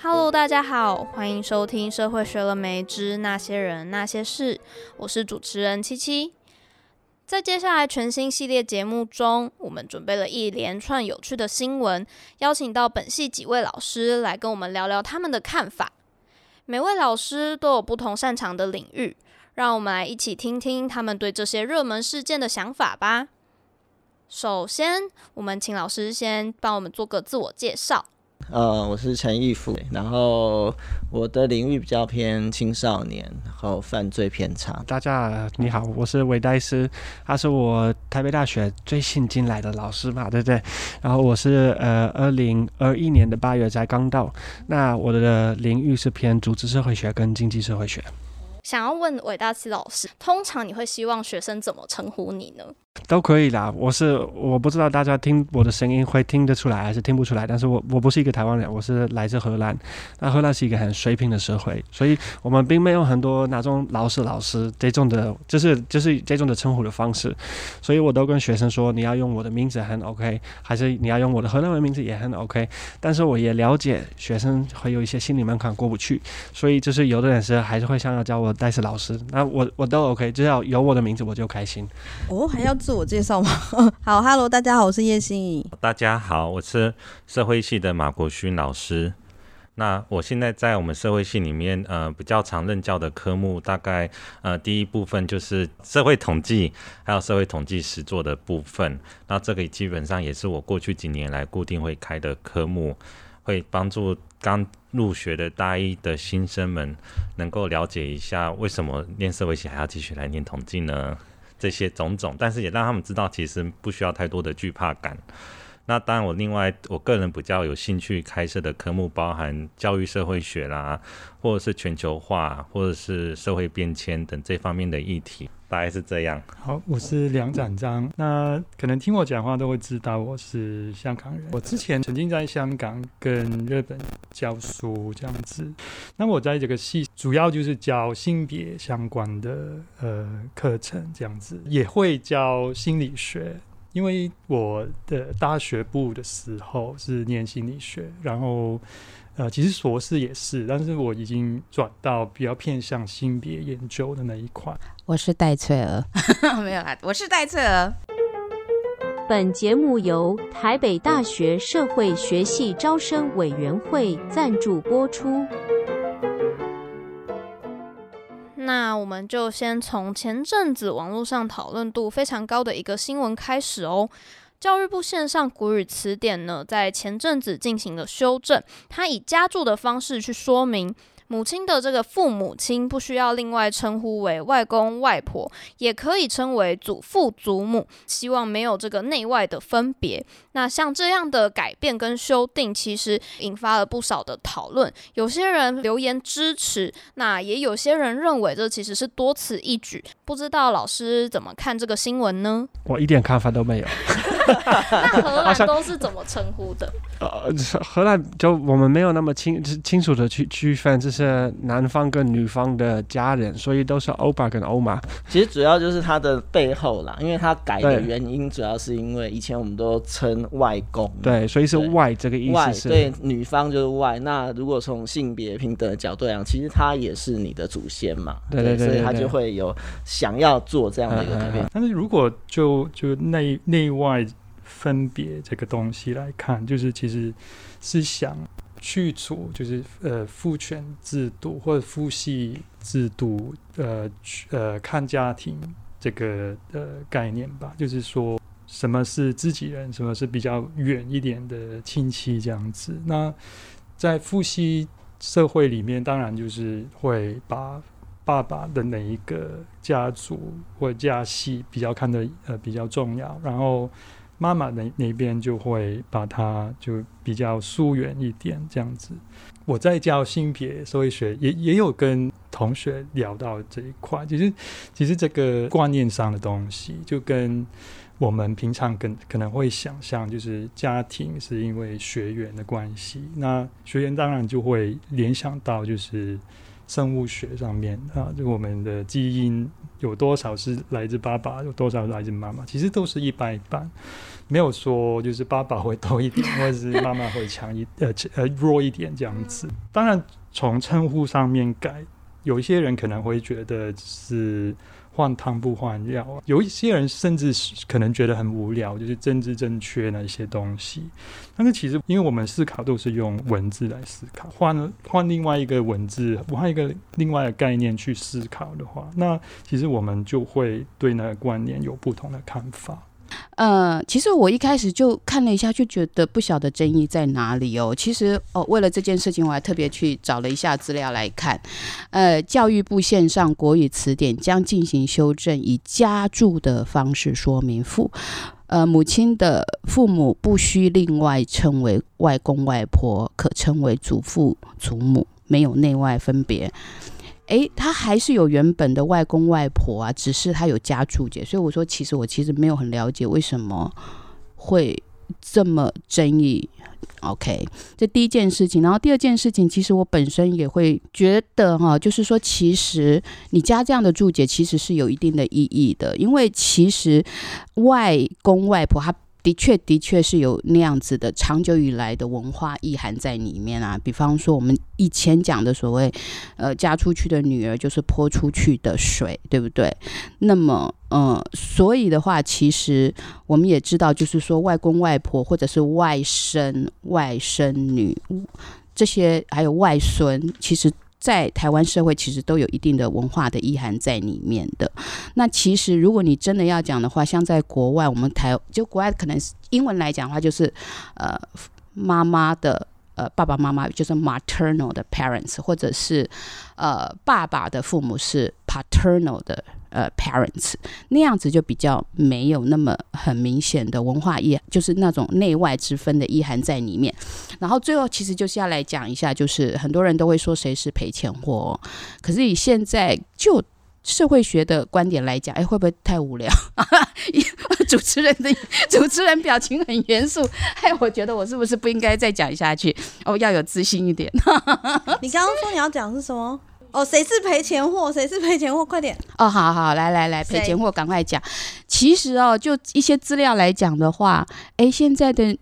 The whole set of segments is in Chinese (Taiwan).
Hello，大家好，歡迎收聽《社會學了沒之那些人那些事》，我是主持人七七。在接下來全新系列節目中，我們準備了一連串有趣的新聞，邀請到本系幾位老師來跟我們聊聊他們的看法。每位老師都有不同擅長的領域，讓我們來一起聽聽他們對這些熱門事件的想法吧。首先，我們請老師先幫我們做個自我介紹。呃，我是陳易甫，然後我的領域比較偏青少年，然後犯罪偏差。大家你好，我是韋岱思，他是我台北大學最新進來的老師嘛，對不對？然後我是呃二零二一年的八月才剛到，那我的領域是偏組織社會學跟經濟社會學。想要問韋岱思老師，通常你會希望學生怎麼稱呼你呢？都可以啦，我是我不知道大家聽我的聲音會聽得出來還是聽不出來，但是我我不是一個台灣人，我是來自荷蘭，那荷蘭是一個很水平的社會，所以我們並沒有很多那種老師老師這種的，就是就是這種的稱呼的方式，所以我都跟學生說你要用我的名字很 OK，還是你要用我的荷蘭文名字也很 OK，但是我也了解學生會有一些心理門檻過不去，所以就是有的人是還是會想要叫我代士老師，那我我都 OK，只要有我的名字我就開心。哦，還要。自我介紹嗎？ 好，Hello，大家好，我是葉欣怡。大家好，我是社會系的馬國勳老師。那我現在在我們社會系裡面，呃，比較常任教的科目，大概呃，第一部分就是社會統計，還有社會統計實作的部分。那這個基本上也是我過去幾年來固定會開的科目，會幫助剛入學的大一的新生們，能夠了解一下為什麼念社會系還要繼續來念統計呢？這些種種，但是也讓他們知道，其實不需要太多的懼怕感。那當然，我另外我個人比較有興趣開設的科目，包含教育社會學啦，或者是全球化，或者是社會變遷等這方面的議題，大概是這樣。好，我是梁展章。那可能聽我講話都會知道我是香港人。我之前曾經在香港跟日本教書這樣子。那我在這個系主要就是教性別相關的呃課程這樣子，也會教心理學。因為我的大學部的時候是念心理學，然後呃，其實碩士也是，但是我已經轉到比較偏向性別研究的那一塊。我是戴翠兒， 沒有啦，我是戴翠兒。本節目由台北大學社會學系招生委員會贊助播出。那我們就先從前陣子網絡上討論度非常高的一個新聞開始哦。教育部線上國語詞典呢，在前陣子進行了修正，它以加注的方式去說明。母親的這個父母親不需要另外稱呼為外公外婆，也可以稱為祖父祖母。希望沒有這個內外的分別。那像這樣的改變跟修訂，其實引發了不少的討論。有些人留言支持，那也有些人認為這其實是多此一舉。不知道老師怎麼看這個新聞呢？我一點看法都沒有。 那荷蘭都是怎麼稱呼的？呃，荷蘭就我們沒有那麼清清，清楚的去區分這是男方跟女方的家人，所以都是歐巴跟歐瑪。其實主要就是它的背後啦，因為它改的原因主要是因為以前我們都稱外公對，對，所以是外這個意思是。外對，女方就是外。那如果從性別平等的角度來講，其實他也是你的祖先嘛，對對對，對，對，所以他就會有想要做這樣的一個改變。嗯嗯嗯嗯，但是如果就就內內外。分別這個東西來看，就是其實是想去除，就是呃父權制度或者父系制度，呃呃看家庭這個呃概念吧，就是說什麼是自己人，什麼是比較遠一點的親戚這樣子。那在父系社會裡面，當然就是會把爸爸的哪一個家族或者家系比較看得呃比較重要，然後。媽媽那那邊就會把他就比較疏遠一點這樣子。我在教性別社會學也，也也有跟同學聊到這一塊。其實，其實這個觀念上的東西，就跟我們平常跟可能會想象，就是家庭是因為血緣的關係，那血緣當然就會聯想到就是。生物學上面啊，就我們的基因有多少是來自爸爸，有多少是來自媽媽，其實都是一般一般，沒有說就是爸爸會多一點，或者是媽媽會強一 呃呃弱一點這樣子。當然從稱呼上面改，有一些人可能會覺得，就是。換湯不換藥啊，有一些人甚至可能覺得很無聊，就是政治正確那些東西。但是其實，因為我們思考都是用文字來思考，換換另外一個文字，換一個另外的概念去思考的話，那其實我們就會對那個觀念有不同的看法。呃，其實我一開始就看了一下，就覺得不曉得爭議在哪裡哦。其實哦，為了這件事情，我還特別去找了一下資料來看。呃，教育部線上國語詞典將進行修正，以加注的方式說明父，呃，母親的父母不需另外稱為外公外婆，可稱為祖父祖母，沒有內外分別。誒，他還是有原本的外公外婆啊，只是他有加注解，所以我說，其實我其實沒有很了解為什麼會這麼爭議。OK，這第一件事情，然後第二件事情，其實我本身也會覺得哈、啊，就是說，其實你加這樣的注解，其實是有一定的意義的，因為其實外公外婆他。的確，的確是有那樣子的長久以來的文化意涵在裡面啊。比方說，我們以前講的所謂，呃，嫁出去的女兒就是潑出去的水，對不對？那麼，呃、嗯，所以的話，其實我們也知道，就是說，外公外婆或者是外甥、外甥女這些，還有外孫，其實。在台灣社會其實都有一定的文化的意涵在裡面的。那其實如果你真的要講的話，像在國外，我們台就國外可能是英文來講的話，就是呃媽媽的呃爸爸媽媽就是 maternal 的 parents，或者是呃爸爸的父母是 paternal 的。呃、uh，parents 那樣子就比較沒有那麼很明顯的文化意，就是那種內外之分的意涵在裡面。然後最後其實就是要來講一下，就是很多人都會說誰是賠錢貨，哦，可是以現在就社會學的觀點來講，哎、欸，會不會太無聊？ 主持人的主持人表情很嚴肅，哎，我覺得我是不是不應該再講下去？哦，要有自信一點。 你剛剛說你要講是什麼？哦，誰是賠錢貨？誰是賠錢貨？快點！哦，好好，來來來，賠錢貨，趕快講。誰其實哦，就一些資料來講的話，哎、欸，現在的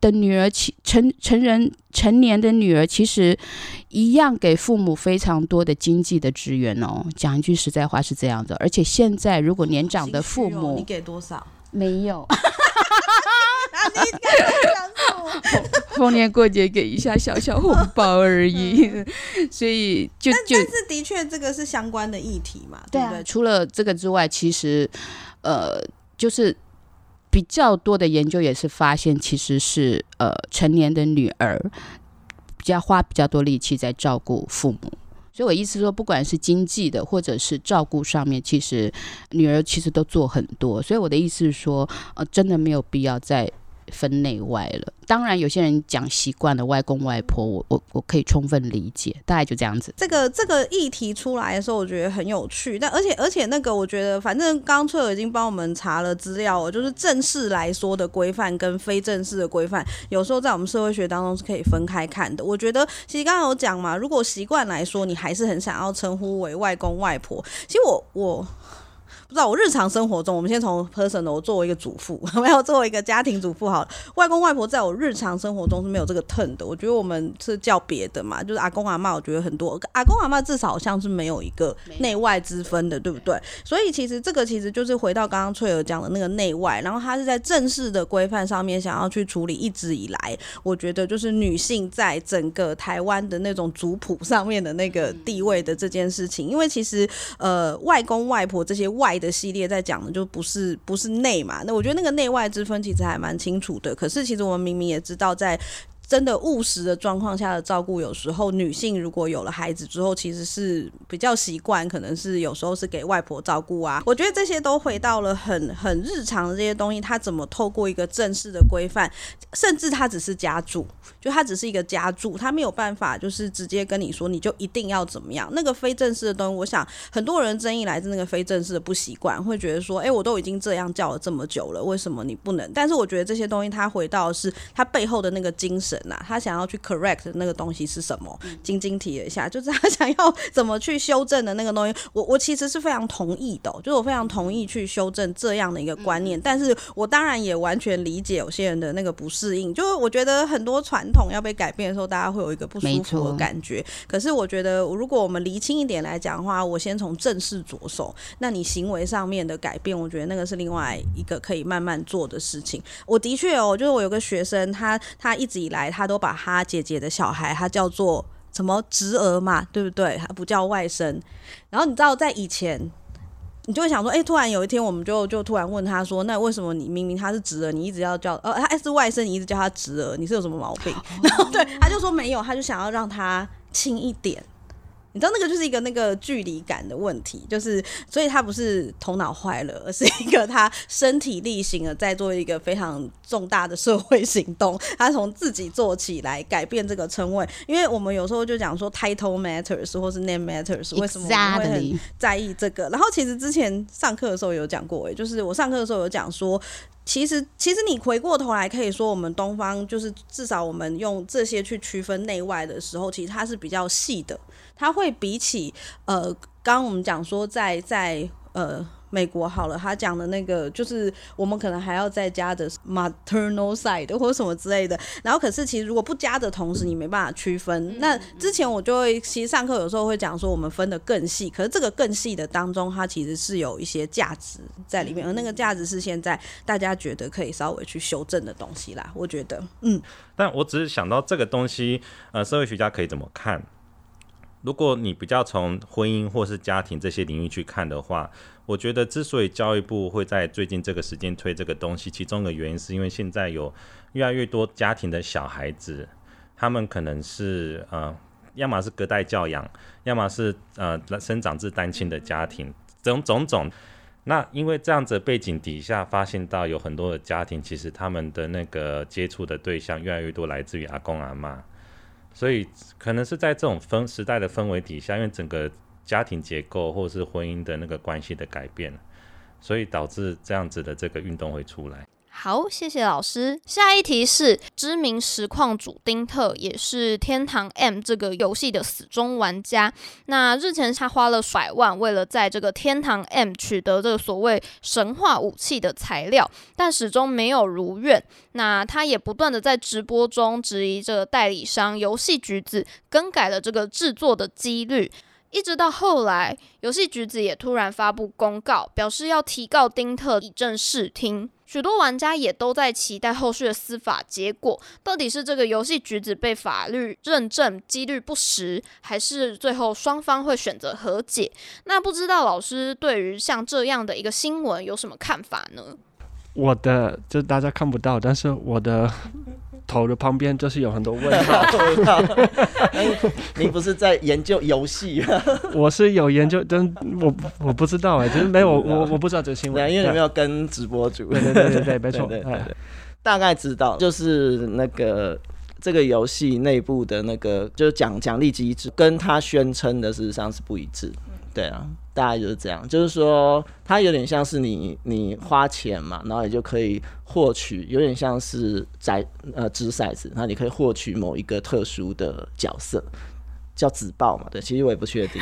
的女兒其成成人成年的女兒，其實一樣給父母非常多的經濟的支援哦。講一句實在話是這樣的，而且現在如果年長的父母，哦、你給多少？沒有。 啊，那個，然後，逢年過節給一下小小紅包而已， 所以就，就但，但是的確，這個是相關的議題嘛，對，啊、對不對？除了這個之外，其實呃，就是比較多的研究也是發現，其實是呃，成年的女兒比較花比較多力氣在照顧父母，所以，我意思說，不管是經濟的或者是照顧上面，其實女兒其實都做很多。所以，我的意思是說，呃，真的沒有必要再。分內外了，當然有些人講習慣的外公外婆我，我我我可以充分理解，大概就這樣子。這個這個議題出來的時候，我覺得很有趣，但而且而且那個，我覺得反正剛翠兒已經幫我們查了資料，就是正式來說的規範跟非正式的規範，有時候在我們社會學當中是可以分開看的。我覺得其實剛剛有講嘛，如果習慣來說，你還是很想要稱呼為外公外婆，其實我我。不知道我日常生活中，我們先從 personal 的我作為一個主婦，我們要作為一個家庭主婦，好了，外公外婆在我日常生活中是沒有這個疼的。我覺得我們是叫別的嘛，就是阿公阿嬤。我覺得很多阿公阿嬤至少好像是沒有一個內外之分的，有對不對？對，所以其實這個其實就是回到剛剛翠兒講的那個內外，然後他是在正式的規範上面想要去處理一直以來，我覺得就是女性在整個台灣的那種族譜上面的那個地位的這件事情。嗯、因為其實呃，外公外婆這些外的系列在講的就不是，不是內嘛，那我覺得那個內外之分其實還蠻清楚的。可是其實我們明明也知道在。真的務實的狀況下的照顧，有時候女性如果有了孩子之後，其實是比較習慣，可能是有時候是給外婆照顧啊。我覺得這些都回到了很很日常的這些東西，它怎麼透過一個正式的規範，甚至它只是家住，就它只是一個家住，他沒有辦法就是直接跟你說，你就一定要怎麼樣。那個非正式的東西，我想很多人爭議來自那個非正式的不習慣，會覺得說，哎、欸，我都已經這樣叫了這麼久了，為什麼你不能？但是我覺得這些東西，它回到的是它背後的那個精神。他想要去 correct 的那個東西是什麼？晶晶提了一下，就是他想要怎麼去修正的那個東西。我我其實是非常同意的、喔，就是我非常同意去修正這樣的一個觀念。嗯、但是，我當然也完全理解有些人的那個不適應。就是我覺得很多傳統要被改變的時候，大家會有一個不舒服的感覺。錯可是我覺得，如果我們釐清一點來講的話，我先從正視着手。那你行為上面的改變，我覺得那個是另外一個可以慢慢做的事情。我的確哦、喔，就是我有個學生，他他一直以來。他都把他姐姐的小孩，他叫做什麼侄兒嘛，對不對？他不叫外甥。然後你知道，在以前，你就會想說，哎、欸，突然有一天，我們就就突然問他說，那為什麼你明明他是侄兒，你一直要叫呃，他是外甥，你一直叫他侄兒，你是有什麼毛病？然後對他就說沒有，他就想要讓他親一點。你知道那個就是一個那個距離感的問題，就是所以他不是頭腦壞了，而是一個他身體力行的在做一個非常重大的社會行動，他從自己做起來改變這個稱謂。因為我們有時候就講說，title matters 或是 name matters，為什麼我會很在意這個？Exactly. 然後其實之前上課的時候有講過、欸，哎，就是我上課的時候有講說。其實，其實你回過頭來可以說，我們東方就是至少我們用這些去區分內外的時候，其實它是比較細的，它會比起呃，剛剛我們講說在在呃。美國好了，他講的那個就是我們可能還要再加的 maternal side 或者什麼之類的。然後可是其實如果不加的同時，你沒辦法區分。嗯、那之前我就會其實上課有時候會講說，我們分得更細。可是這個更細的當中，它其實是有一些價值在裡面，嗯、而那個價值是現在大家覺得可以稍微去修正的東西啦。我覺得，嗯，但我只是想到這個東西，呃，社會學家可以怎麼看？如果你比較從婚姻或是家庭這些領域去看的話。我覺得，之所以教育部會在最近這個時間推這個東西，其中的原因是因為現在有越來越多家庭的小孩子，他們可能是呃，要麼是隔代教養，要麼是呃生長自單親的家庭，種種種。那因為這樣子的背景底下，發現到有很多的家庭，其實他們的那個接觸的對象越來越多來自於阿公阿媽，所以可能是在這種氛時代的氛圍底下，因為整個。家庭結構或是婚姻的那個關係的改變，所以導致這樣子的這個運動會出來。好，謝謝老師。下一題是知名實況主丁特，也是《天堂 M》這個遊戲的死忠玩家。那日前他花了百萬，為了在這個《天堂 M》取得這個所謂神話武器的材料，但始終沒有如願。那他也不斷的在直播中質疑這個代理商遊戲橘子更改了這個製作的幾率。一直到後來，遊戲橘子也突然發佈公告，表示要提告丁特以正視聽。許多玩家也都在期待後續的司法結果，到底是這個遊戲橘子被法律認證幾率不實，還是最後雙方會選擇和解？那不知道老師對於像這樣的一個新聞有什麼看法呢？我的就大家看不到，但是我的。 頭的旁邊就是有很多問號。 你不是在研究遊戲？ 我是有研究，但我我不知道哎、欸，就是沒有我，我不知道這個新聞。嗯啊啊、因為你沒有跟直播主？對對對對對，沒錯。大概知道，就是那個這個遊戲內部的那個，就是獎獎勵機制，跟他宣稱的事實上是不一致。對啊。大概就是這樣，就是說，它有點像是你，你花錢嘛，然後你就可以獲取，有點像是彩，呃，擲骰子，然後你可以獲取某一個特殊的角色。叫紫布嘛？對，其實我也不確定。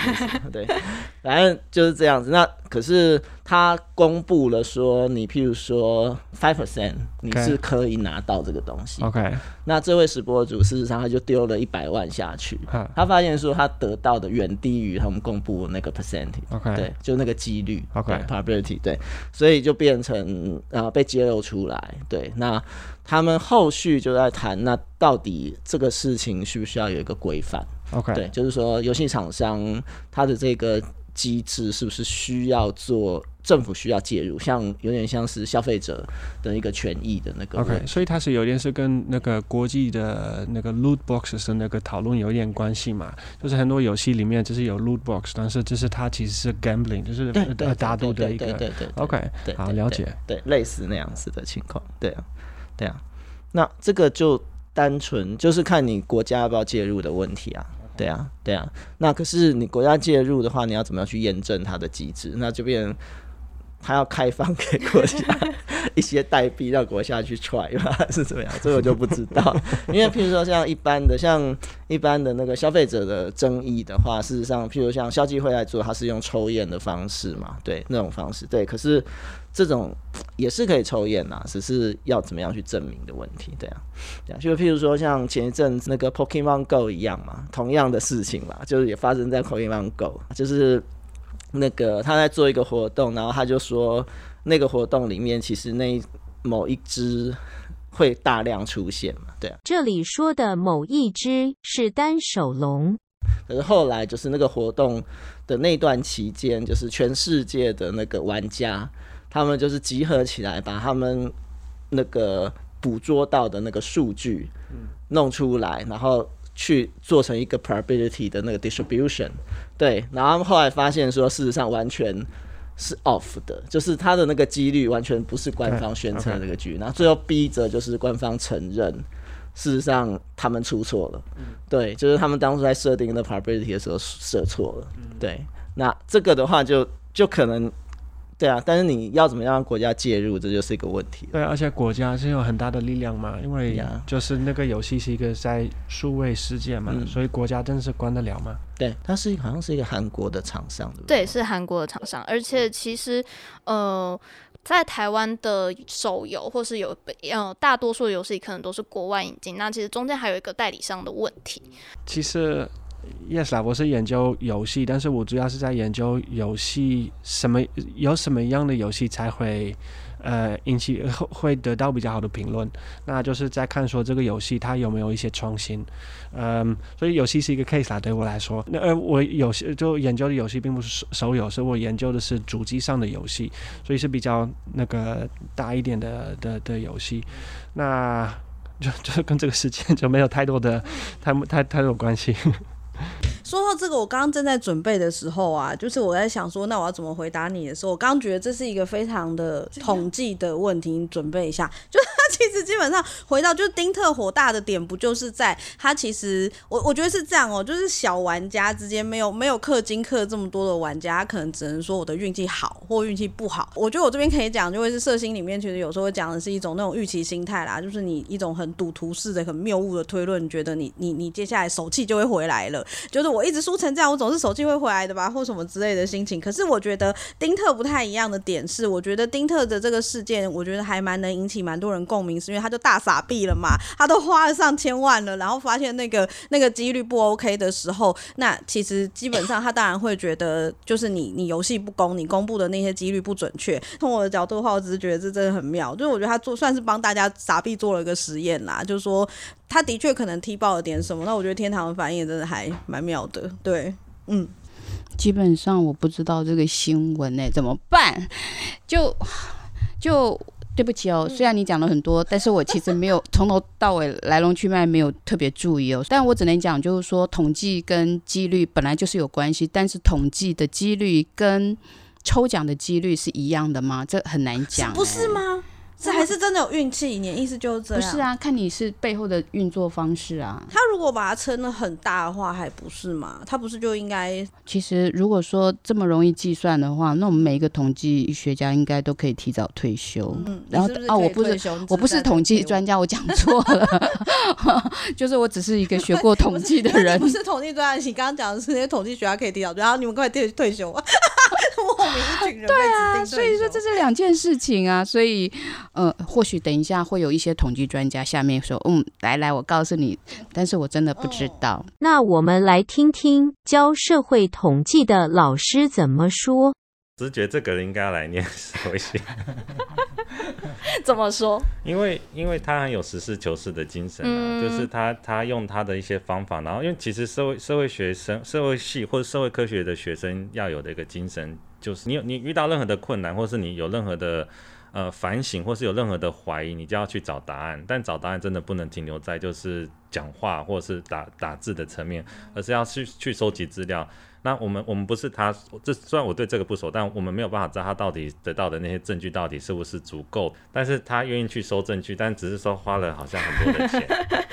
對， 反正就是這樣子。那可是他公布了說，你譬如說 five percent，你是可以拿到這個東西。OK，那這位直播主事實上他就丟了一百萬下去，Okay. 他發現說他得到的遠低於他們公布的那個 percentage。OK，對，就那個幾率。OK，probability。對，所以就變成啊被揭露出來。對，那他們後續就在談，那到底這個事情需不需要有一個規範？OK，對，就是說遊戲廠商他的這個機制是不是需要做，政府需要介入，像有點像是消費者的一個權益的那個 OK，所以它是有點是跟那個國際的那個 Loot Box 的那個討論有點關係嘛，就是很多遊戲裡面就是有 Loot Box，但是就是它其實是 gambling，就是打賭一個對對對對對對對對對 OK，對，好了解，對類似那樣子的情況，對啊，對啊，對啊，那這個就單純就是看你國家要不要介入的問題啊。對啊，對啊，那可是你國家介入的話，你要怎麼樣去驗證它的機制？那這邊他要開放給國家 一些代幣，讓國家去踹是怎麼樣？所以我就不知道， 因為譬如說像一般的，像一般的那個消費者的爭議的話，事實上，譬如像消基會來做，他是用抽驗的方式嘛，對那種方式，對，可是。這種也是可以抽驗吶，只是要怎麼樣去證明的問題。對啊，對啊，就譬如說像前一陣那個 Pokemon Go 一樣嘛，同樣的事情嘛，就是也發生在 Pokemon Go，就是那個他在做一個活動，然後他就說那個活動裡面其實那一某一隻會大量出現嘛，對啊。這裡說的某一隻是單手龍，可是後來就是那個活動的那段期間，就是全世界的那個玩家。他們就是集合起來，把他們那個捕捉到的那個數據弄出來，然後去做成一個 probability 的那個 distribution。對，然後他們後來發現說，事實上完全是 off 的，就是他的那個幾率完全不是官方宣稱的那個幾率。Okay, okay. 然後最後逼着就是官方承認，事實上他們出錯了。對，就是他們當初在設定那個 probability 的時候設錯了。對，那這個的話就就可能。對啊，但是你要怎麼樣讓國家介入，這就是一個問題。對、啊，而且國家是有很大的力量嘛，因為呀就是那個遊戲是一個在數位世界嘛，嗯、所以國家真的是關得了嗎？對，它是好像是一個韓國的廠商，對，對，對，是韓國的廠商。而且其實呃，在台灣的手遊或是有呃大多數遊戲可能都是國外引進，那其實中間還有一個代理商的問題。其實。Yes 啦，我是研究遊戲，但是我主要是在研究遊戲什麼有什麼樣的遊戲才會呃引起會得到比較好的評論，那就是在看說這個遊戲它有沒有一些創新，嗯，所以遊戲是一個 case 啦，對我來說，那呃，我有些就研究的遊戲並不是手手遊，所以我研究的是主機上的遊戲，所以是比較那個大一點的的的遊戲，那就就是跟這個事件就沒有太多的太太太多關係。說到這個，我剛剛正在準備的時候啊，就是我在想說，那我要怎麼回答你的時候，我剛覺得這是一個非常的統計的問題，你準備一下就。 其實基本上回到就是丁特火大的點，不就是在他其實我我覺得是這樣哦、喔，就是小玩家之間沒有沒有氪金、氪這麼多的玩家，可能只能說我的運氣好或運氣不好。我覺得我這邊可以講，就會是社心裡面其實有時候會講的是一種那種預期心態啦，就是你一種很賭徒式的很謬誤的推論，覺得你你你接下來手氣就會回來了，就是我一直輸成這樣，我總是手氣會回來的吧，或什麼之類的心情。可是我覺得丁特不太一樣的點是，我覺得丁特的這個事件，我覺得還蠻能引起蠻多人共。共鳴是因為他就大撒幣了嘛，他都花了上千萬了，然後發現那個那個機率不 OK 的時候，那其實基本上他當然會覺得，就是你你遊戲不公，你公布的那些機率不準確。從我的角度的話，我只是覺得這真的很妙，就是我覺得他做算是幫大家撒幣做了一個實驗啦，就是說他的確可能踢爆了點什麼。那我覺得天堂的反應真的還蠻妙的，對，嗯。基本上我不知道這個新聞呢、欸、怎麼辦，就就。對不起哦，雖然你講了很多，但是我其實沒有從頭到尾來龍去脈沒有特別注意哦，但我只能講，就是說統計跟幾率本來就是有關係，但是統計的幾率跟抽獎的幾率是一樣的嗎？這很難講，不是嗎？這還是真的有運氣，你、嗯、意思就是這樣？不是啊，看你是背後的運作方式啊。他如果把它撐得很大的話，還不是嗎，他不是就應該？其實如果說這麼容易計算的話，那我們每一個統計學家應該都可以提早退休。嗯，是不是？然後哦、啊，我不是退休，我不是統計專家，我講錯了。 就是我只是一個學過統計的人， 不，是不是統計專家。你剛剛講的是那些統計學家可以提早，然後你們快點退退休。 莫名 對，對啊，所以說這是兩件事情啊，所以呃，或許等一下會有一些統計專家下面說，嗯，來來，我告訴你，但是我真的不知道。哦。那我們來聽聽教社會統計的老師怎麼說。直覺這個人應該來念一 怎麼說？因為因為他很有實事求是的精神啊，嗯、就是他他用他的一些方法，然後因為其實社會社會學生社會系或者社會科學的學生要有的一個精神，就是你你遇到任何的困難，或是你有任何的呃反省，或是有任何的懷疑，你就要去找答案。但找答案真的不能停留在就是講話或者是打打字的層面，而是要去去收集資料。那我們我們不是他，這雖然我對這個不熟，但我們沒有辦法知道他到底得到的那些證據到底是不是足夠。但是他願意去收證據，但只是說花了好像很多的錢。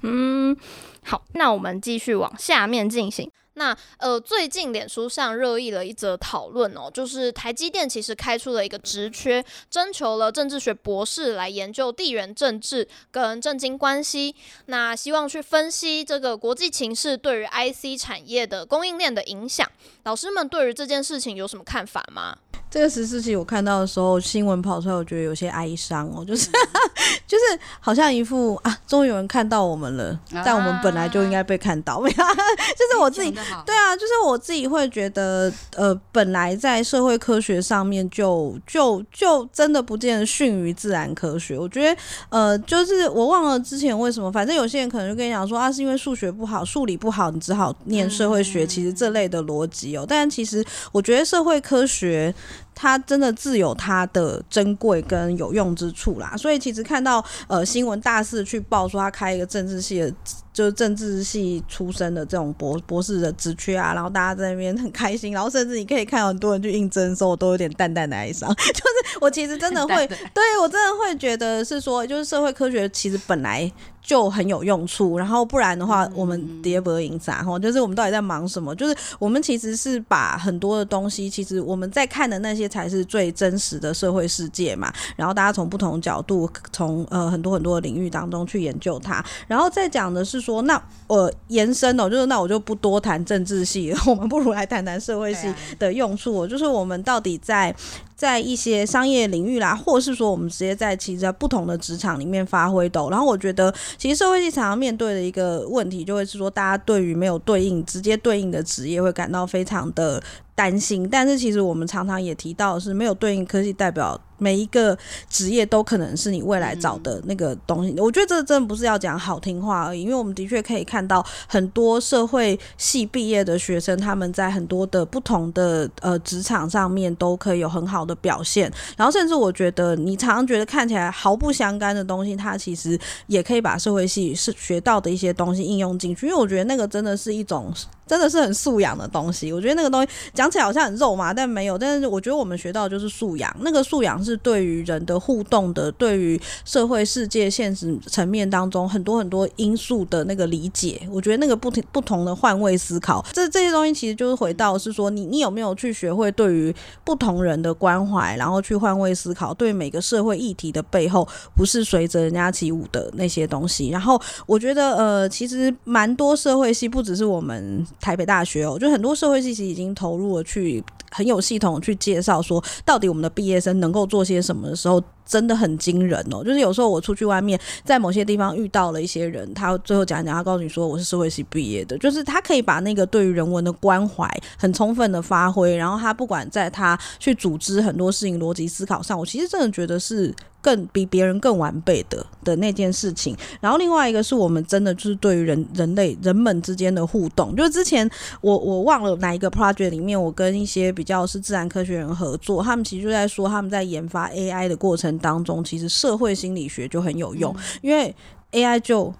嗯，好，那我們繼續往下面進行。那呃，最近臉書上熱議了一則討論哦，就是台積電其實開出了一個職缺，徵求了政治學博士來研究地緣政治跟政經關係。那希望去分析這個國際情勢對於 IC 產業的供應鏈的影響。老師們對於這件事情有什麼看法嗎？這個十四期我看到的時候，新聞跑出來，我覺得有些哀傷哦，就是、嗯、 就是好像一副啊，終於有人看到我們了，但我們本來就應該被看到。啊、 就是我自己對啊，就是我自己會覺得呃，本來在社會科學上面就就就真的不見得遜於自然科學。我覺得呃，就是我忘了之前為什麼，反正有些人可能就跟你講說啊，是因為數學不好、數理不好，你只好念社會學。嗯、其實這類的邏輯哦，但其實我覺得社會科學。他真的自有他的珍貴跟有用之處啦，所以其實看到呃，新聞大肆去報說他開一個政治系的。就是政治系出身的這種博博士的職缺啊，然後大家在那邊很開心，然後甚至你可以看到很多人去應徵，所以我都有點淡淡的哀傷。 就是我其實真的會， 但對，對我真的會覺得是說，就是社會科學其實本來就很有用處，然後不然的話，我們喋喋、嗯嗯、不贏雜哈，就是我們到底在忙什麼？就是我們其實是把很多的東西，其實我們在看的那些才是最真實的社會世界嘛。然後大家從不同角度，從呃很多很多的領域當中去研究它，然後再講的是。說那我、呃、延伸哦，就是那我就不多談政治系，我們不如來談談社會系的用處。哎、呀就是我們到底在，在一些商業領域啦，或是說我們直接在其實在不同的職場裡面發揮都、喔。然後我覺得，其實社會系常常面對的一個問題，就會是說，大家對於沒有對應直接對應的職業會感到非常的擔心。但是其實我們常常也提到是，是沒有對應科技代表每一個職業都可能是你未來找的那個東西。嗯、我覺得這真的不是要講好聽話而已，因為我們的確可以看到很多社會系畢業的學生，他們在很多的不同的呃職場上面都可以有很好。的表現，然後甚至我覺得，你常常覺得看起來毫不相干的東西，它其實也可以把社會系是學到的一些東西應用進去。因為我覺得那個真的是一種。真的是很素養的東西，我覺得那個東西講起來好像很肉麻，但沒有。但是我覺得我們學到的就是素養，那個素養是對於人的互動的，對於社會世界現實層面當中很多很多因素的那個理解。我覺得那個不同不同的換位思考，這這些東西其實就是回到是說你你有沒有去學會對於不同人的關懷，然後去換位思考，對每個社會議題的背後不是隨着人家起舞的那些東西。然後我覺得呃，其實蠻多社會系不只是我們。台北大學喔，哦，就很多社會信息已經投入了去，很有系統去介紹說，到底我們的畢業生能夠做些什麼的時候。真的很驚人哦！就是有時候我出去外面，在某些地方遇到了一些人，他最後講講，他告訴你說，我是社會系畢業的，就是他可以把那個對於人文的關懷很充分的發揮，然後他不管在他去組織很多事情、邏輯思考上，我其實真的覺得是更比別人更完備的的那件事情。然後另外一個是我們真的就是對於人人類人們之間的互動，就是之前我我忘了哪一個 project 裡面，我跟一些比較是自然科學人合作，他們其實就在說他們在研發 AI 的過程中。當中其實社會心理學就很有用，因為 AI 就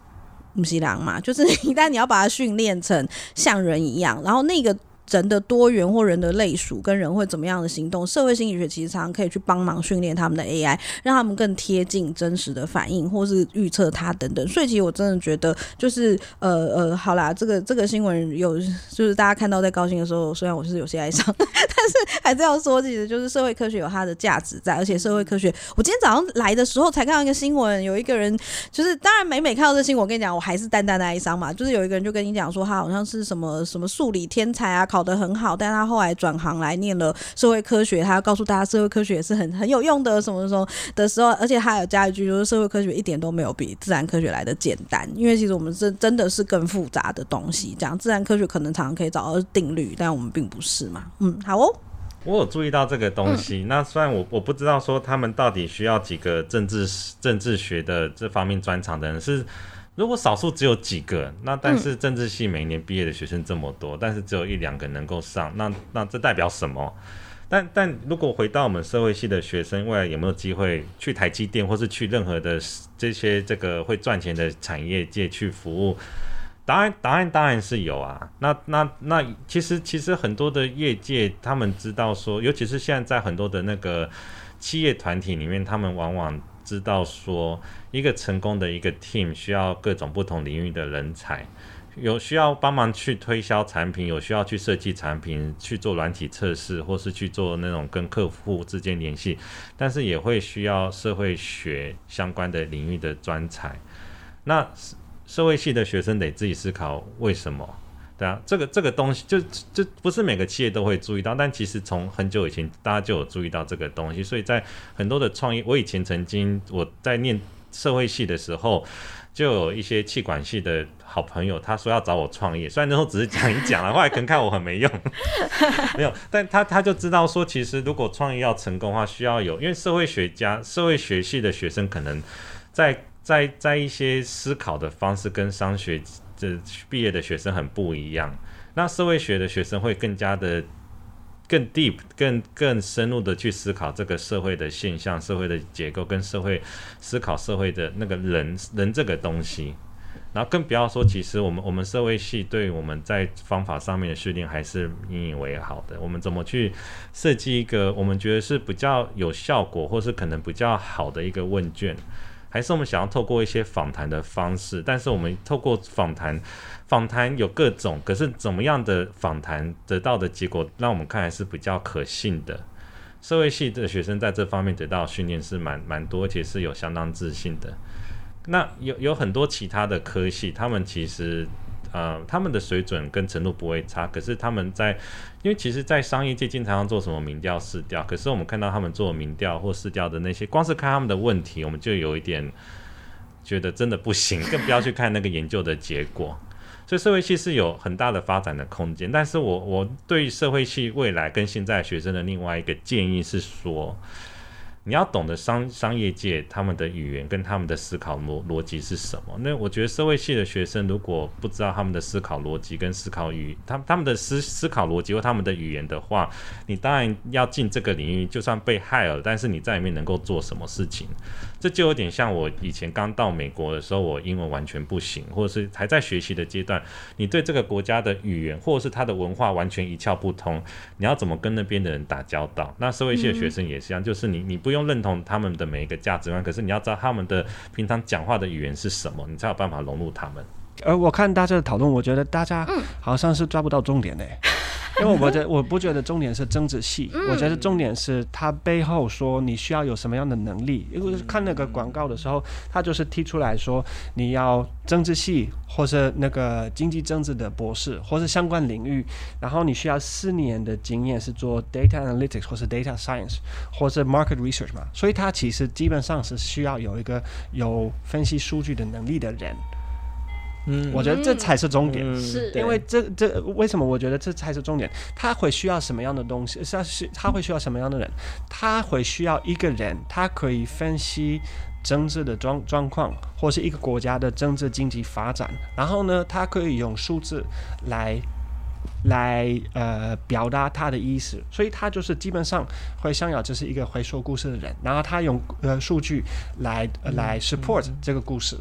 毋知影嘛，就是一旦你要把它訓練成像人一樣，然後那個人的多元或人的類屬跟人會怎麼樣的行動，社會心理學其實常常可以去幫忙訓練他們的 AI，讓他們更貼近真實的反應或是預測他等等。所以其實我真的覺得就是呃呃，好啦，這個這個新聞有就是大家看到在高興的時候，雖然我是有些哀傷。嗯 還是要說，自己的。就是社會科學有它的價值在，而且社會科學，我今天早上來的時候才看到一個新聞，有一個人就是，當然每每看到這新聞，我跟你講，我還是淡淡的哀傷嘛。就是有一個人就跟你講說，他好像是什麼什麼數理天才啊，考得很好，但他後來轉行來念了社會科學，他要告訴大家社會科學也是很很有用的什麼什麼的時候，而且他有加一句，就是社會科學一點都沒有比自然科學來得簡單，因為其實我們是真的是更複雜的東西。講自然科學可能常常可以找到定律，但我們並不是嘛。嗯，好哦。我有注意到這個東西。那雖然我我不知道說他們到底需要幾個政治政治學的這方面專長的人。是如果少數只有幾個，那但是政治系每年畢業的學生這麼多，但是只有一兩個能夠上，那那這代表什麼？但但如果回到我們社會系的學生，未來有沒有機會去台積電或是去任何的這些這個會賺錢的產業界去服務？答案答案當然是有啊，那那那其實其實很多的業界他們知道說，尤其是現在在很多的那個企業團體裡面，他們往往知道說，一個成功的一個 team 需要各種不同領域的人才，有需要幫忙去推銷產品，有需要去設計產品，去做軟體測試，或是去做那種跟客戶之間聯繫，但是也會需要社會學相關的領域的專才，那。社會系的學生得自己思考為什麼，對啊，這個這個東西就就不是每個企業都會注意到，但其實從很久以前大家就有注意到這個東西，所以在很多的創業，我以前曾經我在念社會系的時候，就有一些企管系的好朋友，他說要找我創業，雖然那時候只是講一講了，後可能看我很沒用， 沒有，但他他就知道說，其實如果創業要成功的話，需要有，因為社會學家、社會學系的學生可能在。在在一些思考的方式跟商學這畢業的學生很不一樣，那社會學的學生會更加的更 deep 更、更更深入的去思考這個社會的現象、社會的結構跟社會思考社會的那個人人這個東西。然後更不要說，其實我們我們社會系對我們在方法上面的訓練還是引以為豪的。我們怎麼去設計一個我們覺得是比較有效果，或是可能比較好的一個問卷？還是我們想要透過一些訪談的方式，但是我們透過訪談，訪談有各種，可是怎麼樣的訪談得到的結果，讓我們看來是比較可信的？社會系的學生在這方面得到訓練是蠻蠻多，而且是有相當自信的。那有有很多其他的科系，他們其實。呃，他們的水準跟程度不會差，可是他們在，因為其實，在商業界經常要做什麼民調、市調，可是我們看到他們做民調或市調的那些，光是看他們的問題，我們就有一點覺得真的不行，更不要去看那個研究的結果。所以社會系是有很大的發展的空間，但是我我對社會系未來跟現在學生的另外一個建議是說。你要懂得商商業界他們的語言跟他們的思考邏邏輯是什麼？那我覺得社會系的學生如果不知道他們的思考邏輯跟思考語言，他們他們的思思考邏輯或他們的語言的話，你當然要進這個領域，就算被害了，但是你在裡面能夠做什麼事情？這就有點像我以前剛到美國的時候，我英文完全不行，或者是還在學習的階段。你對這個國家的語言或者是它的文化完全一竅不通，你要怎麼跟那邊的人打交道？那社會系的學生也是一樣，嗯、就是你你不用認同他們的每一個價值觀，可是你要知道他們的平常講話的語言是什麼，你才有辦法融入他們。而我看大家的討論，我覺得大家好像是抓不到重點的、嗯、因為我覺得我不覺得重點是政治系，嗯、我覺得重點是它背後說，你需要有什麼樣的能力。因為是看那個廣告的時候，他就是提出來說，你要政治系，或是那個經濟政治的博士，或是相關領域，然後你需要四年的經驗是做 data analytics 或是 data science 或是 market research 嘛，所以他其實基本上是需要有一個有分析數據的能力的人。嗯，我覺得這才是重點，是、嗯、因為這這為什麼我覺得這才是重點？他會需要什麼樣的東西？是他會需要什麼樣的人？嗯、他會需要一個人，他可以分析政治的狀狀況，或是一個國家的政治經濟發展。然後呢，他可以用數字來來呃表達他的意思。所以，他就是基本上會想要這是一個會說故事的人，然後他用呃數據來、呃、來 support，嗯嗯、這個故事。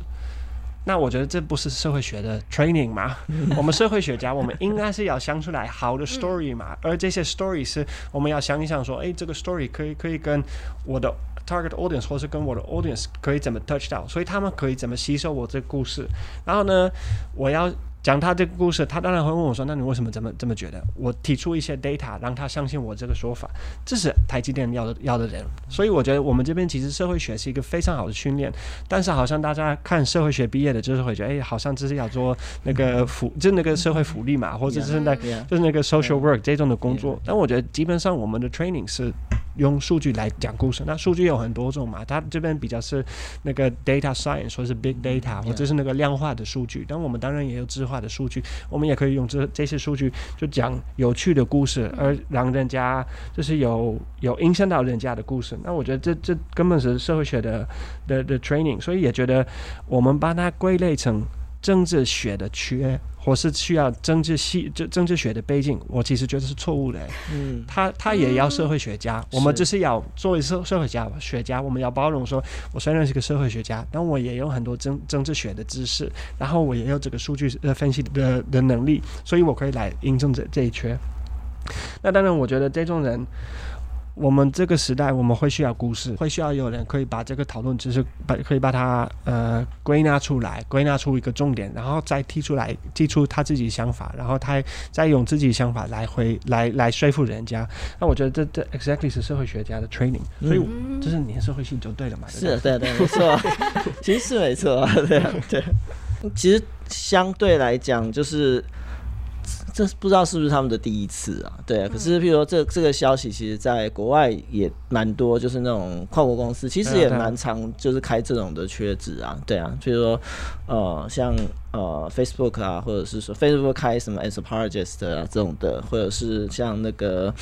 那我覺得這不是社會學的 training 嗎？ 我們社會學家，我們應該是要想出來好的 story 嘛。嗯、而這些 story 是我們要想一想說，誒、欸，這個 story 可以可以跟我的 target audience 或是跟我的 audience 可以怎麼 touch 到，所以他們可以怎麼吸收我這個故事。然後呢，我要。講他這個故事，他當然會問我說：“那你為什麼這麼這麼覺得？”我提出一些 data 讓他相信我這個說法，這是台積電要的要的人。所以我覺得我們這邊其實社會學是一個非常好的訓練，但是好像大家看社會學畢業的，就是會覺得哎，好像這是要做那個福， 就是那個社會福利嘛，或者是那，就是那個 social work 這種的工作。但我覺得基本上我們的 training 是。用數據來講故事，那數據有很多種嘛，它這邊比較是那個 data science，或是 big data，或者是那個量化的數據。Yeah. 但我們當然也有質化的數據，我們也可以用這這些數據就講有趣的故事，而讓人家就是有有影響到人家的故事。那我覺得這這根本是社會學的的的 training，所以也覺得我們把它歸類成政治學的缺。我是需要政治系就政治學的背景，我其實覺得是錯誤的、欸。嗯，他他也要社會學家，嗯、我們就是要作為社社會學家是學家，我們要包容說，我雖然是個社會學家，但我也有很多政政治學的知識，然後我也有這個數據呃分析的的能力，所以我可以來應徵這這一缺。嗯、那當然，我覺得這種人。我們這個時代，我們會需要故事，會需要有人可以把這個討論知識把可以把它呃歸納出來，歸納出一個重點，然後再提出來，提出他自己想法，然後他再用自己想法來回來來說服人家。那我覺得這這 exactly 是社會學家的 training。、嗯、所以就是你的社會性就對了嘛。是、啊，對， 對，對對，沒錯、啊，其實是沒錯、啊，對、啊、對。其實相對來講就是。這不知道是不是他們的第一次啊？對啊，可是譬如說這這個消息，其實在國外也蠻多，就是那種跨國公司其實也蠻常就是開這種的缺職啊，對啊，譬如說呃像。呃，Facebook 啊，或者是說 Facebook 開什麼 Anthropologist 啊，這種的，或者是像那個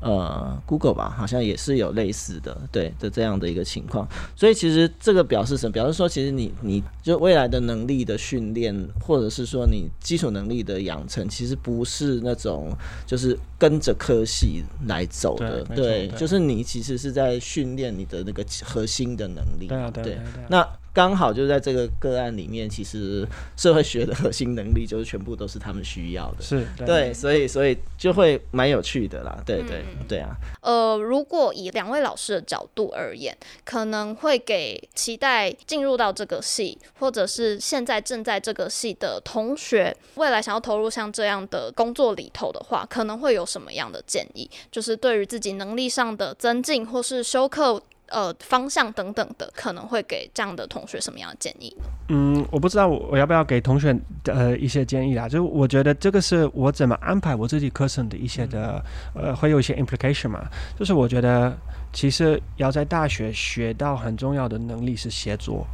呃 Google 吧，好像也是有類似的，對的這樣的一個情況。所以其實這個表示什麼？表示說，其實你你就未來的能力的訓練，或者是說你基礎能力的養成，其實不是那種就是跟着科系來走的，對，對，沒錯，就是你其實是在訓練你的那個核心的能力，對，對，對，那。剛好就在這個個案裡面，其實社會學的核心能力就是全部都是他們需要的。是，對，對，所以所以就會蠻有趣的啦，對對對、嗯、對啊。呃，如果以兩位老師的角度而言，可能會給期待進入到這個系，或者是現在正在這個系的同學，未來想要投入像這樣的工作裡頭的話，可能會有什麼樣的建議？就是對於自己能力上的增進，或是修課呃，方向等等的，可能會給這樣的同學什麼樣的建議呢？嗯，我不知道我我要不要給同學呃一些建議啦。就是我覺得這個是我怎麼安排我自己課程的一些的、嗯、呃，會有一些 implication 嘛。就是我覺得其實要在大學學到很重要的能力是寫作，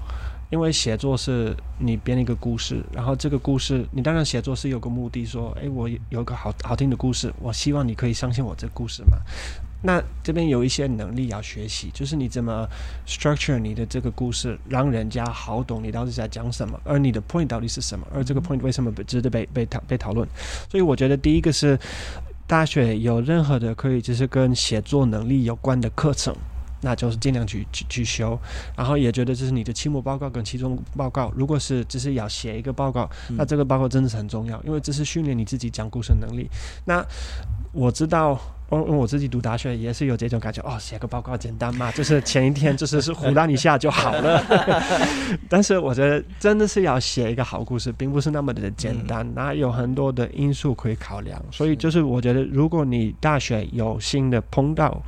因為寫作是你編一個故事，然後這個故事你當然寫作是有個目的，說，哎、欸，我有個好好聽的故事，我希望你可以相信我這個故事嘛。那這邊有一些能力要學習，就是你怎麼 structure 你的這個故事，讓人家好懂你到底在講什麼，而你的 point 到底是什麼，而這個 point 為什麼值得被被討被討論？所以我覺得第一個是大學有任何的可以就是跟寫作能力有關的課程，那就是儘量去去去修。然後也覺得就是你的期末報告跟期中報告，如果是只是要寫一個報告，那這個報告真的是很重要，因為這是訓練你自己講故事能力。那我知道。嗯、我自己讀大學也是有這種感覺哦，寫個報告簡單嘛，就是前一天就是是胡亂一下就好了。 但是我覺得真的是要寫一個好故事，並不是那麼的簡單，那、嗯、有很多的因素可以考量，所以就是我覺得，如果你大學有新的碰到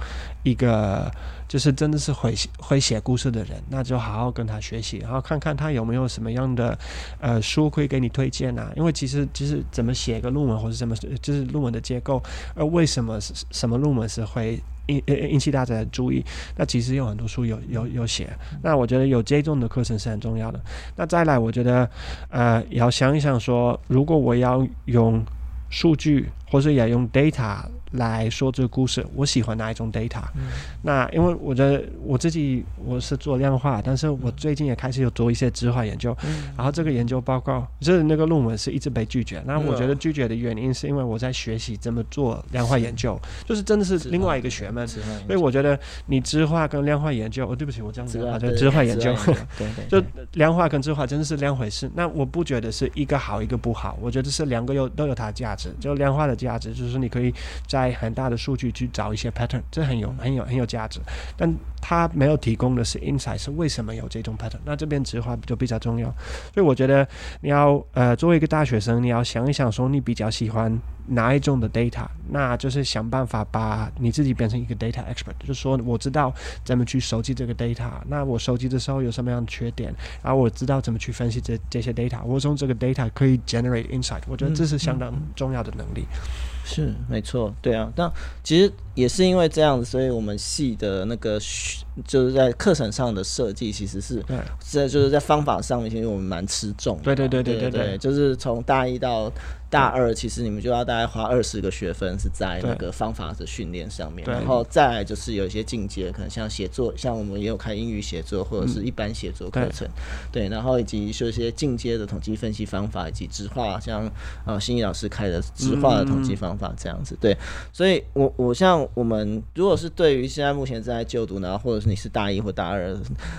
一個。就是真的是會會寫故事的人，那就好好跟他學習，然後看看他有沒有什麼樣的呃書可以給你推薦啊？因為其實就是怎麼寫一個論文，或者是怎麼就是論文的結構，呃，為什麼是什麼論文是會引呃引起大家的注意？那其實有很多書有有有寫，那我覺得有這種的課程是很重要的。那再來，我覺得呃也要想一想說，如果我要用數據，或者也要用 data。來說這個故事，我喜歡哪一種 data？、嗯、那因為我覺得我自己我是做量化，但是我最近也開始有做一些質化研究，嗯、然後這個研究報告就是那個論文是一直被拒絕。嗯、那我覺得拒絕的原因是因為我在學習怎麼做量化研究，是就是真的是另外一個學問。所以我覺得你質化跟量化研究，哦，對不起，我這樣講錯了，質化，化研究，對，對對，就量化跟質化真的是兩回事。那我不覺得是一個好一個不好，我覺得是兩個有都有它的價值。嗯、就量化的價值就是你可以在在很大的數據去找一些 pattern，這很有很有很有價值，但它沒有提供的是 insight，是為什麼有這種 pattern。那這邊質化就比較重要，所以我覺得你要呃作為一個大學生，你要想一想，說你比較喜歡。哪一種的 data，那就是想辦法把你自己變成一個 data expert，就是說我知道怎麼去收集這個 data，那我收集的時候有什麼樣的缺點，然後我知道怎麼去分析這這些 data，我從這個 data 可以 generate insight，我覺得這是相當重要的能力。嗯嗯、是，沒錯，對啊，但其實。也是因為這樣子，所以我們系的那個學就是在課程上的設計其實是，對在就是在方法上面，其實我們蠻吃重的。對，對對對對對對，就是從大一到大二，嗯、其實你們就要大概花二十個學分是在那個方法的訓練上面。對然後再來就是有一些進階，可能像寫作，像我們也有開英語寫作或者是一般寫作課程，嗯、對，對，然後以及一些進階的統計分析方法，以及質化，像呃新義老師開的質化的統計方法這樣子。嗯嗯嗯對，所以我我像。我們如果是對於現在目前正在就讀呢，或者是你是大一或大二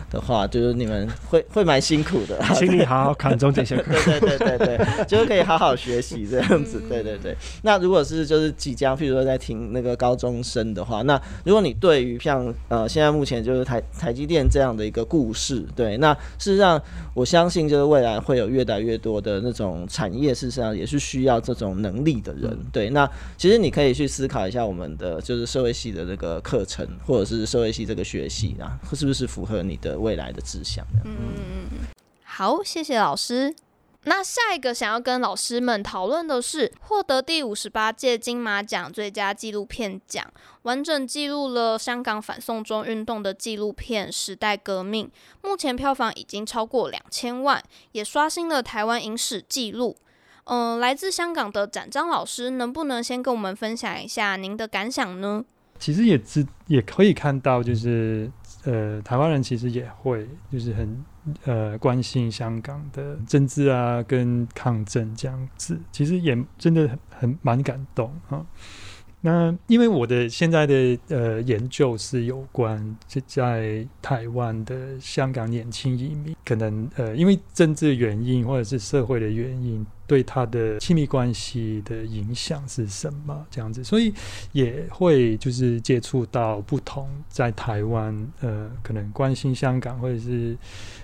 的話，就是你們會會蠻辛苦的，請你好好看重這些課。對對對,對對對對， 就是可以好好學習這樣子。對對對。那如果是就是即將，譬如說在聽那個高中生的話，那如果你對於像呃現在目前就是台台積電這樣的一個故事，對，那事實上我相信就是未來會有越來越多的那種產業，事實上也是需要這種能力的人。對，那其實你可以去思考一下我們的就是。社會系的這個課程，或者是社會系這個學習，啊，是不是符合你的未來的志向？嗯嗯。好，謝謝老師。那下一個想要跟老師們討論的是，獲得第五十八屆金馬獎最佳紀錄片獎，完整記錄了香港反送中運動的紀錄片《時代革命》，目前票房已經超過兩千萬，也刷新了台灣影史紀錄。嗯、呃，來自香港的展章老師，能不能先跟我們分享一下您的感想呢？其實也只也可以看到，就是呃，台灣人其實也會就是很呃關心香港的政治啊，跟抗爭這樣子，其實也真的很很蠻感動哈、哦。那因為我的現在的呃研究是有關在台灣的香港年輕移民，可能呃因為政治原因或者是社會的原因。對他的親密關係的影響是什麼？這樣子，所以也會就是接觸到不同在台灣呃，可能關心香港或者是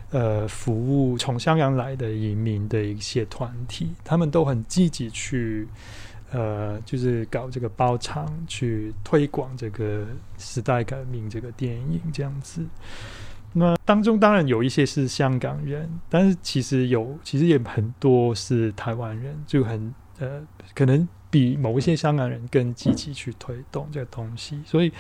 呃服務從香港來的移民的一些團體，他們都很積極去呃，就是搞這個包場去推廣這個《時代革命》這個電影這樣子。那當中當然有一些是香港人，但是其實有，其實也很多是台灣人，就很呃，可能比某一些香港人更積極去推動這個東西，嗯、所以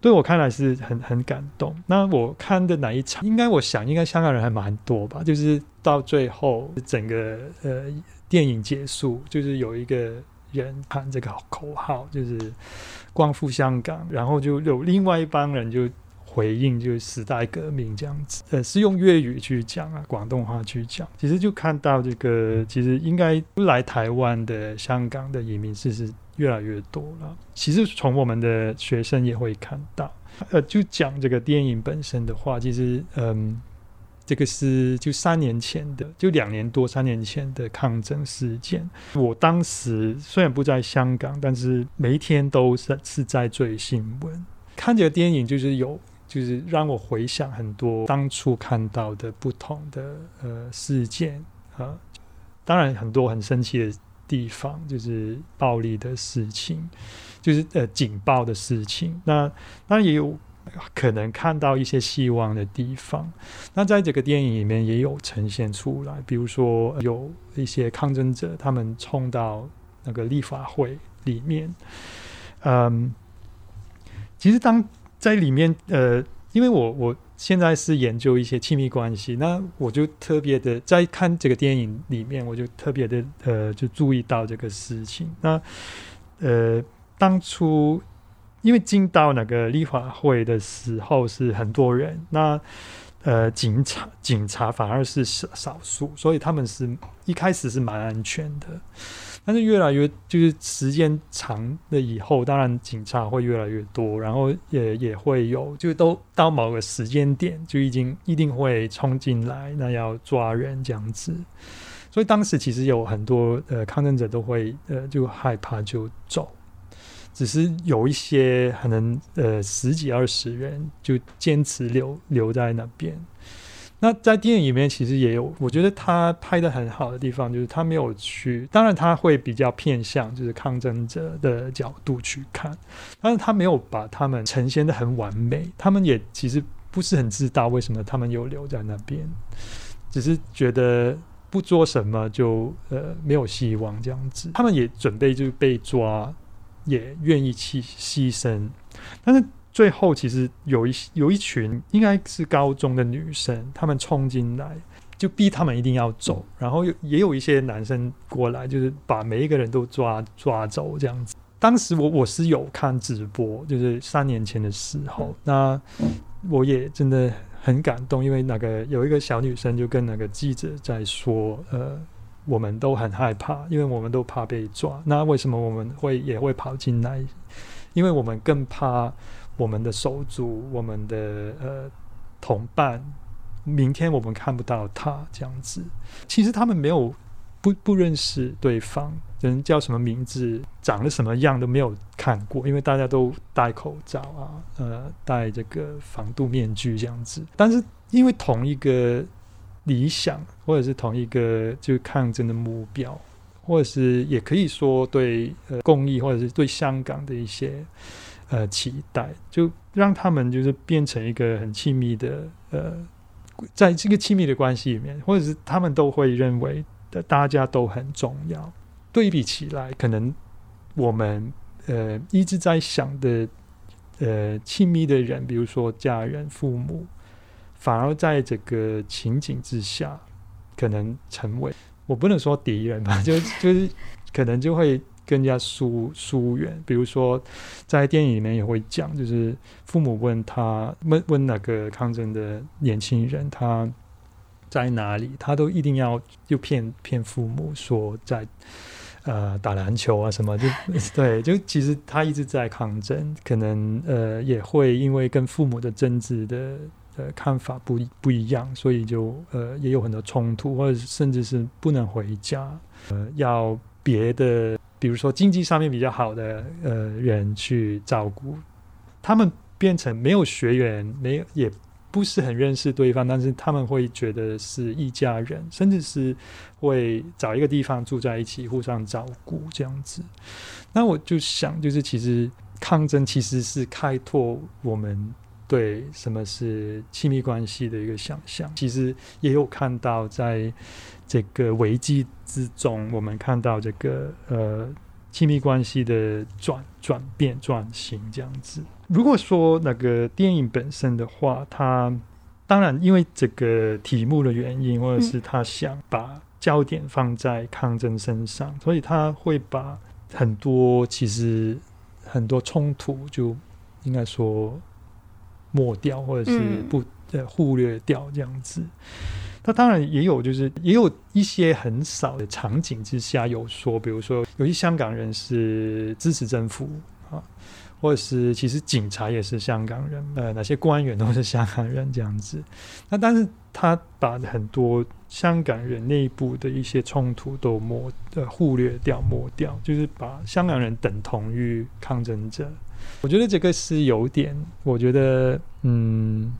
對我看來是很很感動。那我看的哪一場？應該我想，應該香港人還蠻多吧？就是到最後整個呃電影結束，就是有一個人喊這個口號，就是“光復香港”，然後就有另外一幫人就。回應就是時代革命這樣子，呃，是用粵語去講啊，廣東話去講。其實就看到這個，其實應該來台灣的、香港的移民，其實越來越多了。其實從我們的學生也會看到，呃，就講這個電影本身的話，其實，嗯，這個是就三年前的，就兩年多、三年前的抗爭事件。我當時雖然不在香港，但是每一天都是是在追新聞，看這個電影就是有。就是讓我回想很多當初看到的不同的呃事件啊，呃，當然很多很生氣的地方，就是暴力的事情，就是呃警報的事情。那當然也有可能看到一些希望的地方。那在這個電影裡面也有呈現出來，比如說，呃、有一些抗爭者，他們衝到那個立法會裡面。嗯，其實當。在裡面，呃，因為我我現在是研究一些親密關係，那我就特別的在看這個電影裡面，我就特別的呃，就注意到這個事情。那呃，當初因為進到那個立法會的時候是很多人，那呃，警察警察反而是少少數，所以他們是一開始是蠻安全的。但是越來越就是時間長了以後，當然警察會越來越多，然後也也會有，就都到某個時間點，就已經一定會衝進來，那要抓人這樣子。所以當時其實有很多呃，抗爭者都會呃就害怕就走，只是有一些可能呃十幾二十人就堅持留留在那邊。那在電影裡面，其實也有，我覺得他拍的很好的地方就是他沒有去，當然他會比較偏向就是抗爭者的角度去看，但是他沒有把他們呈現的很完美，他們也其實不是很知道為什麼他們又留在那邊，只是覺得不做什麼就呃沒有希望這樣子，他們也準備就是被抓，也願意去犧牲，但是。最後其實有一有一群應該是高中的女生，她們衝進來，就逼他們一定要走，然後有也有一些男生過來，就是把每一個人都抓抓走這樣子。當時我我是有看直播，就是三年前的時候，那我也真的很感動，因為那個有一個小女生就跟那個記者在說：“呃，我們都很害怕，因為我們都怕被抓。那為什麼我們會也會跑進來？因為我們更怕。”我們的手足，我們的呃同伴，明天我們看不到他這樣子。其實他們沒有不不認識對方，人叫什麼名字、長得什麼樣都沒有看過，因為大家都戴口罩啊，呃，戴這個防毒面具這樣子。但是因為同一個理想，或者是同一個就抗爭的目標，或者是也可以說對呃公益，或者是對香港的一些。呃，期待，就讓他們就是變成一個很親密的呃，在這個親密的關係裡面，或者是他們都會認為的，大家都很重要。對比起來，可能我們呃一直在想的呃親密的人，比如說家人、父母，反而在這個情景之下，可能成為我不能說敵人吧，就就是可能就會。更加疏疏遠，比如說，在電影裡面也會講，就是父母問他問問那個抗爭的年輕人，他在哪裡，他都一定要就騙騙父母說在呃打籃球啊什麼，就對，就其實他一直在抗爭，可能呃也會因為跟父母的爭執的呃看法不不一樣，所以就呃也有很多衝突，或者甚至是不能回家，呃，要別的。比如說經濟上面比較好的呃人去照顧他們，變成沒有血緣，沒有也不是很認識對方，但是他們會覺得是一家人，甚至是會找一個地方住在一起，互相照顧這樣子。那我就想，就是其實抗爭其實是開拓我們對什麼是親密關係的一個想象。其實也有看到在這個危機之中，我們看到這個呃親密關係的轉轉變轉型這樣子。如果說那個電影本身的話，它當然因為這個題目的原因，或者是他想把焦點放在抗爭身上，嗯、所以他會把很多其實很多衝突就應該說抹掉，或者是不呃忽略掉這樣子。那當然也有，就是也有一些很少的場景之下有說，比如說有些香港人是支持政府啊，或者是其實警察也是香港人，呃，哪些官員都是香港人這樣子。那但是他把很多香港人內部的一些衝突都抹，呃，忽略掉，抹掉，就是把香港人等同於抗爭者。我覺得這個是有點，我覺得嗯。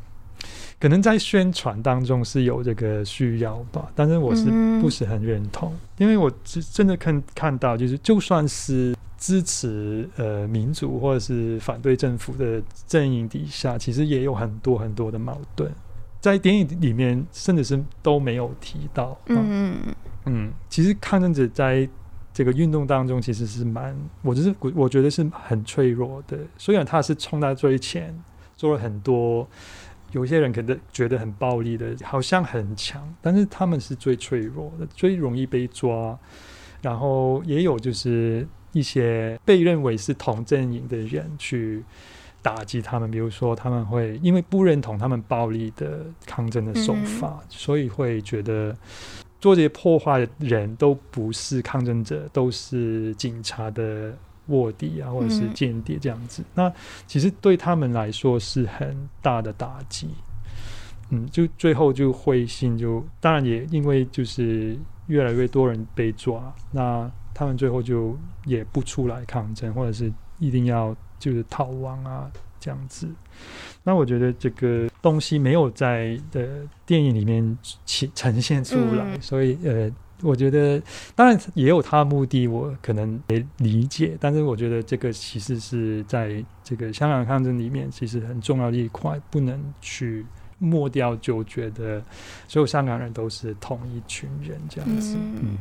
可能在宣傳當中是有這個需要吧，但是我是不是很認同，嗯、哼因為我真真的看看到，就是就算是支持呃民主或者是反對政府的陣營底下，其實也有很多很多的矛盾，在電影裡面甚至是都沒有提到。嗯，哼嗯，其實抗爭者在這個運動當中其實是蠻，我，就是我覺得是很脆弱的，雖然他是衝在最前，做了很多。有些人可能覺得很暴力的，好像很強，但是他們是最脆弱的，最容易被抓。然後也有就是一些被認為是同陣營的人去打擊他們，比如說他們會因為不認同他們暴力的抗爭的手法，嗯嗯。所以會覺得做這些破壞的人都不是抗爭者，都是警察的。臥底啊，或者是間諜這樣子，嗯、那其實對他們來說是很大的打擊。嗯，就最後就灰心，就當然也因為就是越來越多人被抓，那他們最後就也不出來抗爭，或者是一定要就是逃亡啊這樣子。那我覺得這個東西沒有在的電影裡面呈呈現出來，嗯、所以呃。我覺得，當然也有他的目的，我可能沒理解，但是我覺得，這個其實是在這個香港抗爭裡面，其實很重要的一塊，不能去抹掉，就覺得所有香港人都是同一群人這樣子。嗯。嗯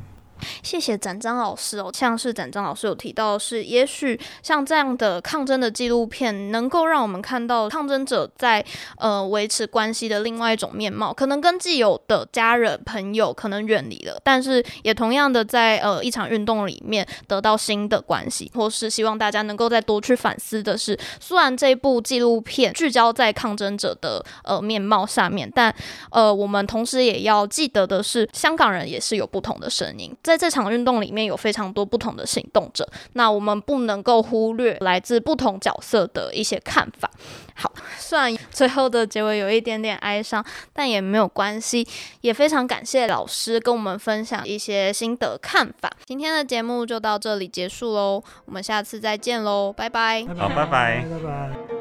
謝謝展張老師哦，像是展張老師有提到的是，是也許像這樣的抗爭的紀錄片，能夠讓我們看到抗爭者在呃維持關係的另外一種面貌，可能跟既有的家人朋友可能遠離了，但是也同樣的在呃一場運動裡面得到新的關係，或是希望大家能夠再多去反思的是，雖然這部紀錄片聚焦在抗爭者的呃面貌上面，但呃我們同時也要記得的是，香港人也是有不同的聲音。在這場運動裡面有非常多不同的行動者，那我們不能夠忽略來自不同角色的一些看法。好，雖然最後的結尾有一點點哀傷，但也沒有關係。也非常感謝老師跟我們分享一些心得看法。今天的節目就到這裡結束嘍，我們下次再見嘍，拜拜。好，拜拜，拜拜。